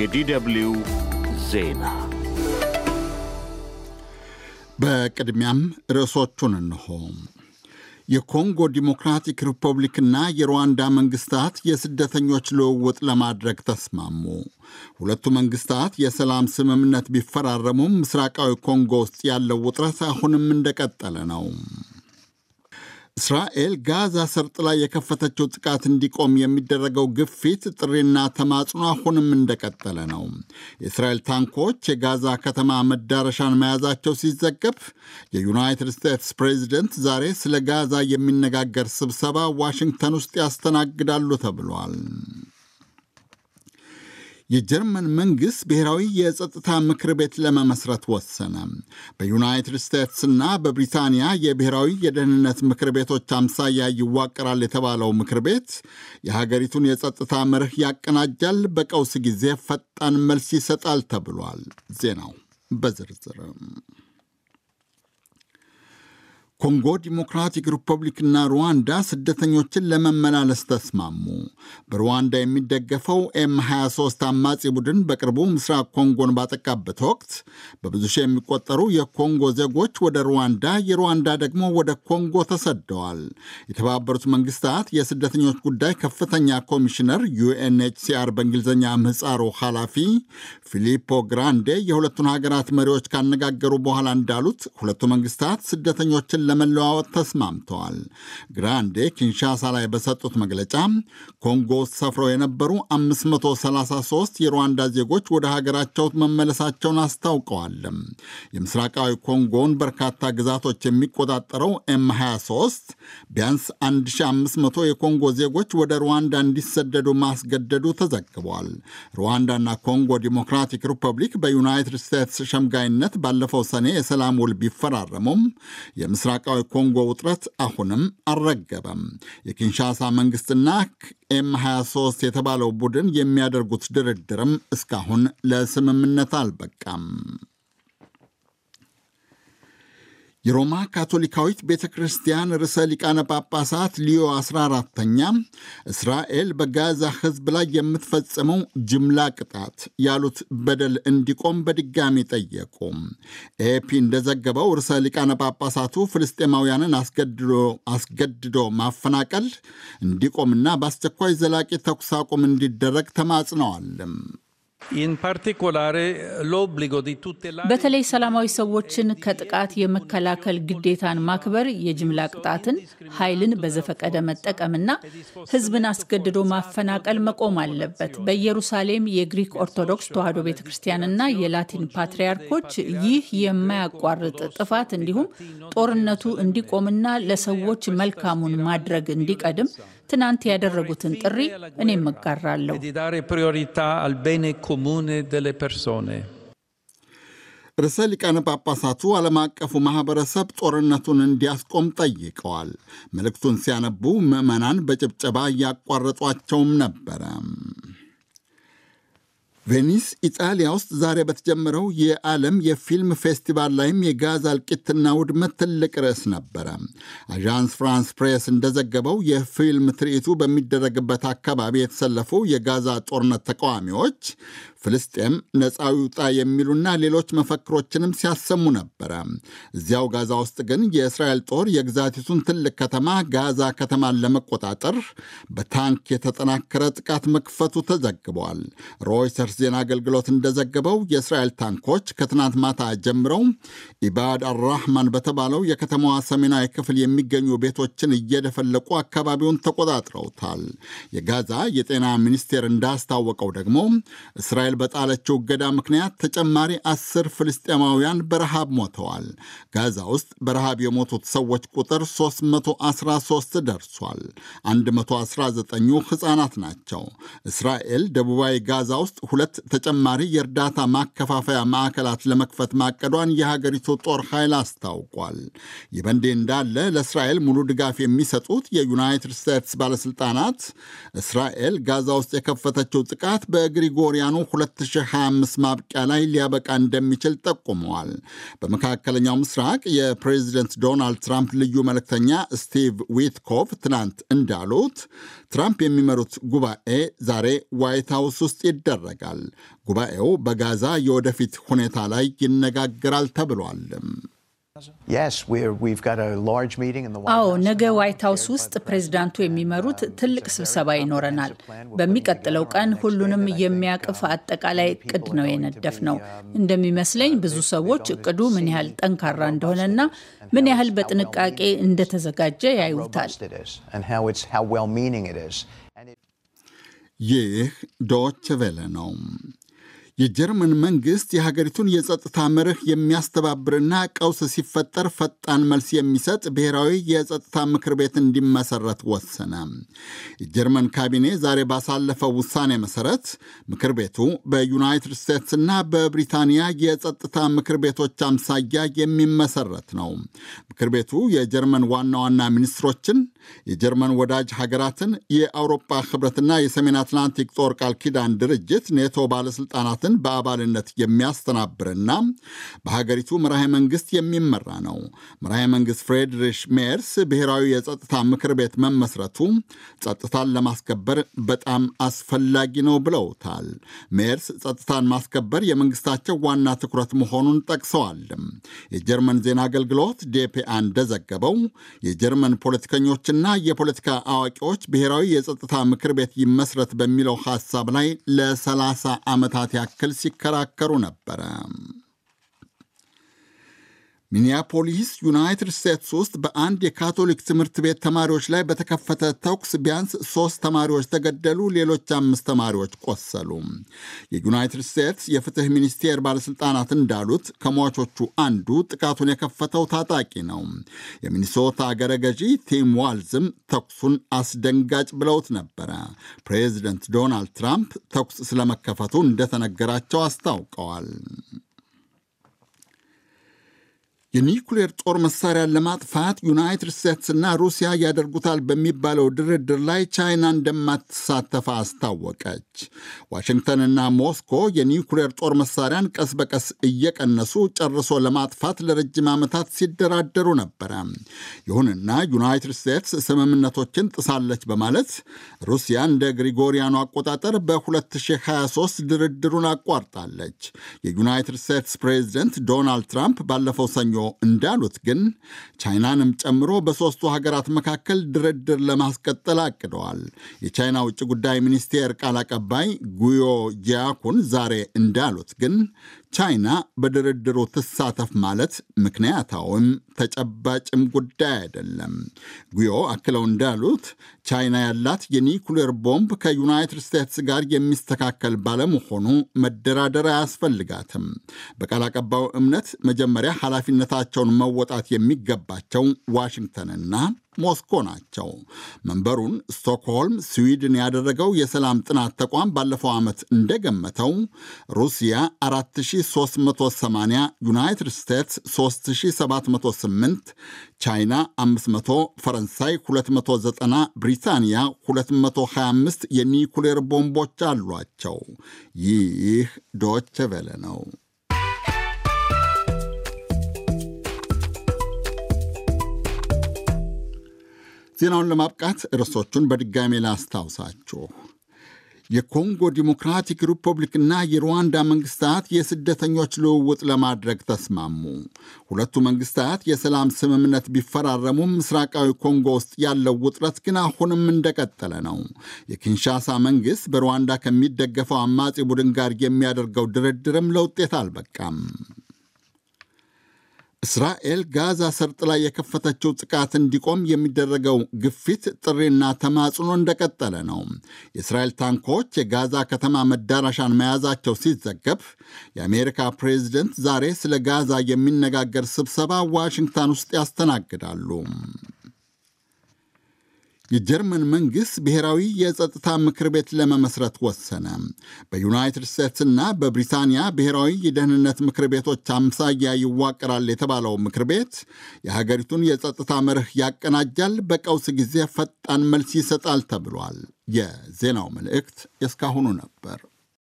የዲደብልዩ ዜና በቅድሚያም ርዕሶቹን እንሆ። የኮንጎ ዲሞክራቲክ ሪፐብሊክና የሩዋንዳ መንግስታት የስደተኞች ልውውጥ ለማድረግ ተስማሙ። ሁለቱ መንግስታት የሰላም ስምምነት ቢፈራረሙም ምስራቃዊ ኮንጎ ውስጥ ያለው ውጥረት አሁንም እንደቀጠለ ነው። እስራኤል ጋዛ ሰርጥ ላይ የከፈተችው ጥቃት እንዲቆም የሚደረገው ግፊት ጥሪና ተማጽኖ አሁንም እንደቀጠለ ነው። የእስራኤል ታንኮች የጋዛ ከተማ መዳረሻን መያዛቸው ሲዘገብ የዩናይትድ ስቴትስ ፕሬዚደንት ዛሬ ስለ ጋዛ የሚነጋገር ስብሰባ ዋሽንግተን ውስጥ ያስተናግዳሉ ተብሏል። የጀርመን መንግሥት ብሔራዊ የጸጥታ ምክር ቤት ለመመስረት ወሰነ። በዩናይትድ ስቴትስና በብሪታንያ የብሔራዊ የደህንነት ምክር ቤቶች አምሳያ ይዋቀራል የተባለው ምክር ቤት የሀገሪቱን የጸጥታ መርህ ያቀናጃል፣ በቀውስ ጊዜ ፈጣን መልስ ይሰጣል ተብሏል። ዜናው በዝርዝር ኮንጎ ዲሞክራቲክ ሪፐብሊክና ሩዋንዳ ስደተኞችን ለመመላለስ ተስማሙ። በሩዋንዳ የሚደገፈው ኤም 23 አማጺ ቡድን በቅርቡ ምስራቅ ኮንጎን ባጠቃበት ወቅት በብዙ ሺህ የሚቆጠሩ የኮንጎ ዜጎች ወደ ሩዋንዳ፣ የሩዋንዳ ደግሞ ወደ ኮንጎ ተሰደዋል። የተባበሩት መንግስታት የስደተኞች ጉዳይ ከፍተኛ ኮሚሽነር ዩኤንኤችሲአር በእንግሊዝኛ ምህጻሩ ኃላፊ ፊሊፖ ግራንዴ የሁለቱን ሀገራት መሪዎች ካነጋገሩ በኋላ እንዳሉት ሁለቱ መንግስታት ስደተኞችን ለመለዋወጥ ተስማምተዋል። ግራንዴ ኪንሻሳ ላይ በሰጡት መግለጫ ኮንጎ ውስጥ ሰፍረው የነበሩ 533 የሩዋንዳ ዜጎች ወደ ሀገራቸው መመለሳቸውን አስታውቀዋል። የምስራቃዊ ኮንጎን በርካታ ግዛቶች የሚቆጣጠረው ኤም 23 ቢያንስ 1500 የኮንጎ ዜጎች ወደ ሩዋንዳ እንዲሰደዱ ማስገደዱ ተዘግቧል። ሩዋንዳና ኮንጎ ዲሞክራቲክ ሪፐብሊክ በዩናይትድ ስቴትስ ሸምጋይነት ባለፈው ሰኔ የሰላም ውል ቢፈራረሙም የምስራ ምስራቃዊ ኮንጎ ውጥረት አሁንም አልረገበም። የኪንሻሳ መንግስትና ኤም 23 የተባለው ቡድን የሚያደርጉት ድርድርም እስካሁን ለስምምነት አልበቃም። የሮማ ካቶሊካዊት ቤተ ክርስቲያን ርዕሰ ሊቃነ ጳጳሳት ሊዮ 14ተኛ እስራኤል በጋዛ ሕዝብ ላይ የምትፈጽመው ጅምላ ቅጣት ያሉት በደል እንዲቆም በድጋሚ ጠየቁ። ኤፒ እንደዘገበው ርዕሰ ሊቃነ ጳጳሳቱ ፍልስጤማውያንን አስገድዶ ማፈናቀል እንዲቆምና በአስቸኳይ ዘላቂ ተኩስ አቁም እንዲደረግ ተማጽነዋል። በተለይ ሰላማዊ ሰዎችን ከጥቃት የመከላከል ግዴታን ማክበር፣ የጅምላ ቅጣትን፣ ኃይልን በዘፈቀደ መጠቀምና ሕዝብን አስገድዶ ማፈናቀል መቆም አለበት። በኢየሩሳሌም የግሪክ ኦርቶዶክስ ተዋሕዶ ቤተ ክርስቲያንና የላቲን ፓትርያርኮች ይህ የማያቋርጥ ጥፋት እንዲሁም ጦርነቱ እንዲቆምና ለሰዎች መልካሙን ማድረግ እንዲቀድም ትናንት ያደረጉትን ጥሪ እኔም መጋራለሁ። ርዕሰ ሊቃነ ጳጳሳቱ ዓለም አቀፉ ማኅበረሰብ ጦርነቱን እንዲያስቆም ጠይቀዋል። መልእክቱን ሲያነቡ ምዕመናን በጭብጨባ እያቋረጧቸውም ነበረ። ቬኒስ ኢጣሊያ ውስጥ ዛሬ በተጀመረው የዓለም የፊልም ፌስቲቫል ላይም የጋዝ እልቂትና ውድመት ትልቅ ርዕስ ነበረ። አዣንስ ፍራንስ ፕሬስ እንደዘገበው የፊልም ትርኢቱ በሚደረግበት አካባቢ የተሰለፉ የጋዛ ጦርነት ተቃዋሚዎች ፍልስጤም ነፃ ይውጣ የሚሉና ሌሎች መፈክሮችንም ሲያሰሙ ነበረ። እዚያው ጋዛ ውስጥ ግን የእስራኤል ጦር የግዛቲቱን ትልቅ ከተማ ጋዛ ከተማን ለመቆጣጠር በታንክ የተጠናከረ ጥቃት መክፈቱ ተዘግቧል። ሮይተርስ ዜና አገልግሎት እንደዘገበው የእስራኤል ታንኮች ከትናንት ማታ ጀምረው ኢባድ አራህማን በተባለው የከተማዋ ሰሜናዊ ክፍል የሚገኙ ቤቶችን እየደፈለቁ አካባቢውን ተቆጣጥረውታል። የጋዛ የጤና ሚኒስቴር እንዳስታወቀው ደግሞ እስራኤል በጣለችው እገዳ ምክንያት ተጨማሪ አስር ፍልስጤማውያን በረሃብ ሞተዋል። ጋዛ ውስጥ በረሃብ የሞቱት ሰዎች ቁጥር 313 ደርሷል። 119ኙ ሕፃናት ናቸው። እስራኤል ደቡባዊ ጋዛ ውስጥ ሁለት ተጨማሪ የእርዳታ ማከፋፈያ ማዕከላት ለመክፈት ማቀዷን የሀገሪቱ ጦር ኃይል አስታውቋል። ይህ በእንዲህ እንዳለ ለእስራኤል ሙሉ ድጋፍ የሚሰጡት የዩናይትድ ስቴትስ ባለሥልጣናት እስራኤል ጋዛ ውስጥ የከፈተችው ጥቃት በግሪጎሪያኑ 2025 ማብቂያ ላይ ሊያበቃ እንደሚችል ጠቁመዋል። በመካከለኛው ምስራቅ የፕሬዚደንት ዶናልድ ትራምፕ ልዩ መልእክተኛ ስቲቭ ዊትኮቭ ትናንት እንዳሉት ትራምፕ የሚመሩት ጉባኤ ዛሬ ዋይት ሀውስ ውስጥ ይደረጋል። ጉባኤው በጋዛ የወደፊት ሁኔታ ላይ ይነጋገራል ተብሏል። አዎ ነገ ዋይት ሀውስ ውስጥ ፕሬዚዳንቱ የሚመሩት ትልቅ ስብሰባ ይኖረናል። በሚቀጥለው ቀን ሁሉንም የሚያቅፍ uh, አጠቃላይ እቅድ ነው የነደፍ ነው። um, እንደሚመስለኝ ብዙ ሰዎች እቅዱ ምን ያህል ጠንካራ እንደሆነና ምን ያህል በጥንቃቄ እንደተዘጋጀ ያዩታል። ይህ ዶች ቬለ ነው። የጀርመን መንግስት የሀገሪቱን የጸጥታ መርህ የሚያስተባብርና ቀውስ ሲፈጠር ፈጣን መልስ የሚሰጥ ብሔራዊ የጸጥታ ምክር ቤት እንዲመሰረት ወሰነ። የጀርመን ካቢኔ ዛሬ ባሳለፈው ውሳኔ መሰረት ምክር ቤቱ በዩናይትድ ስቴትስና በብሪታንያ የጸጥታ ምክር ቤቶች አምሳያ የሚመሰረት ነው። ምክር ቤቱ የጀርመን ዋና ዋና ሚኒስትሮችን፣ የጀርመን ወዳጅ ሀገራትን፣ የአውሮፓ ህብረትና የሰሜን አትላንቲክ ጦር ቃል ኪዳን ድርጅት ኔቶ ባለስልጣናትን መንግስትን በአባልነት የሚያስተናብርና በሀገሪቱ መራሄ መንግስት የሚመራ ነው። መራሄ መንግስት ፍሬድሪሽ ሜርስ ብሔራዊ የጸጥታ ምክር ቤት መመስረቱ ጸጥታን ለማስከበር በጣም አስፈላጊ ነው ብለውታል። ሜርስ ጸጥታን ማስከበር የመንግስታቸው ዋና ትኩረት መሆኑን ጠቅሰዋል። የጀርመን ዜና አገልግሎት ዴፒአ እንደዘገበው የጀርመን ፖለቲከኞችና የፖለቲካ አዋቂዎች ብሔራዊ የጸጥታ ምክር ቤት ይመስረት በሚለው ሀሳብ ላይ ለ30 ዓመታት ያ በትክክል ሲከራከሩ ነበረ። ሚኒያፖሊስ ዩናይትድ ስቴትስ ውስጥ በአንድ የካቶሊክ ትምህርት ቤት ተማሪዎች ላይ በተከፈተ ተኩስ ቢያንስ ሶስት ተማሪዎች ተገደሉ፣ ሌሎች አምስት ተማሪዎች ቆሰሉ። የዩናይትድ ስቴትስ የፍትህ ሚኒስቴር ባለሥልጣናት እንዳሉት ከሟቾቹ አንዱ ጥቃቱን የከፈተው ታጣቂ ነው። የሚኒሶታ አገረ ገዢ ቲም ዋልዝም ተኩሱን አስደንጋጭ ብለውት ነበረ። ፕሬዚደንት ዶናልድ ትራምፕ ተኩስ ስለመከፈቱ እንደተነገራቸው አስታውቀዋል። የኒውክሌር ጦር መሳሪያን ለማጥፋት ዩናይትድ ስቴትስና ሩሲያ ያደርጉታል በሚባለው ድርድር ላይ ቻይና እንደማትሳተፍ አስታወቀች። ዋሽንግተንና ሞስኮ የኒውክሌር ጦር መሳሪያን ቀስ በቀስ እየቀነሱ ጨርሶ ለማጥፋት ለረጅም ዓመታት ሲደራደሩ ነበረ። ይሁንና ዩናይትድ ስቴትስ ስምምነቶችን ጥሳለች በማለት ሩሲያ እንደ ግሪጎሪያኑ አቆጣጠር በ2023 ድርድሩን አቋርጣለች። የዩናይትድ ስቴትስ ፕሬዚደንት ዶናልድ ትራምፕ ባለፈው ሰኞ እንዳሉት ግን ቻይናንም ጨምሮ በሦስቱ ሀገራት መካከል ድርድር ለማስቀጠል አቅደዋል። የቻይና ውጭ ጉዳይ ሚኒስቴር ቃል አቀባይ ጉዮ ጂያኩን ዛሬ እንዳሉት ግን ቻይና በድርድሩ ትሳተፍ ማለት ምክንያታውም ተጨባጭም ጉዳይ አይደለም። ጉዮ አክለው እንዳሉት ቻይና ያላት የኒኩሌር ቦምብ ከዩናይትድ ስቴትስ ጋር የሚስተካከል ባለመሆኑ መደራደር አያስፈልጋትም። በቃል አቀባዩ እምነት መጀመሪያ ኃላፊነታቸውን መወጣት የሚገባቸው ዋሽንግተንና ሞስኮ ናቸው። መንበሩን ስቶክሆልም ስዊድን ያደረገው የሰላም ጥናት ተቋም ባለፈው ዓመት እንደገመተው ሩሲያ 4 3380፣ ዩናይትድ ስቴትስ 3708፣ ቻይና 500፣ ፈረንሳይ 290፣ ብሪታንያ 225 የኒኩሌር ቦምቦች አሏቸው። ይህ ዶች ቬለ ነው። ዜናውን ለማብቃት ርዕሶቹን በድጋሜ ላስታውሳችሁ። የኮንጎ ዲሞክራቲክ ሪፐብሊክና የሩዋንዳ መንግስታት የስደተኞች ልውውጥ ለማድረግ ተስማሙ። ሁለቱ መንግስታት የሰላም ስምምነት ቢፈራረሙም ምስራቃዊ ኮንጎ ውስጥ ያለው ውጥረት ግን አሁንም እንደቀጠለ ነው። የኪንሻሳ መንግስት በሩዋንዳ ከሚደገፈው አማጺ ቡድን ጋር የሚያደርገው ድርድርም ለውጤት አልበቃም። እስራኤል ጋዛ ሰርጥ ላይ የከፈተችው ጥቃት እንዲቆም የሚደረገው ግፊት ጥሪና ተማጽኖ እንደቀጠለ ነው። የእስራኤል ታንኮች የጋዛ ከተማ መዳረሻን መያዛቸው ሲዘገብ የአሜሪካ ፕሬዝደንት ዛሬ ስለ ጋዛ የሚነጋገር ስብሰባ ዋሽንግተን ውስጥ ያስተናግዳሉ። የጀርመን መንግሥት ብሔራዊ የጸጥታ ምክር ቤት ለመመስረት ወሰነ። በዩናይትድ ስቴትስና በብሪታንያ ብሔራዊ የደህንነት ምክር ቤቶች አምሳያ ይዋቀራል የተባለው ምክር ቤት የሀገሪቱን የጸጥታ መርህ ያቀናጃል፣ በቀውስ ጊዜ ፈጣን መልስ ይሰጣል ተብሏል። የዜናው መልእክት እስካሁኑ ነበር።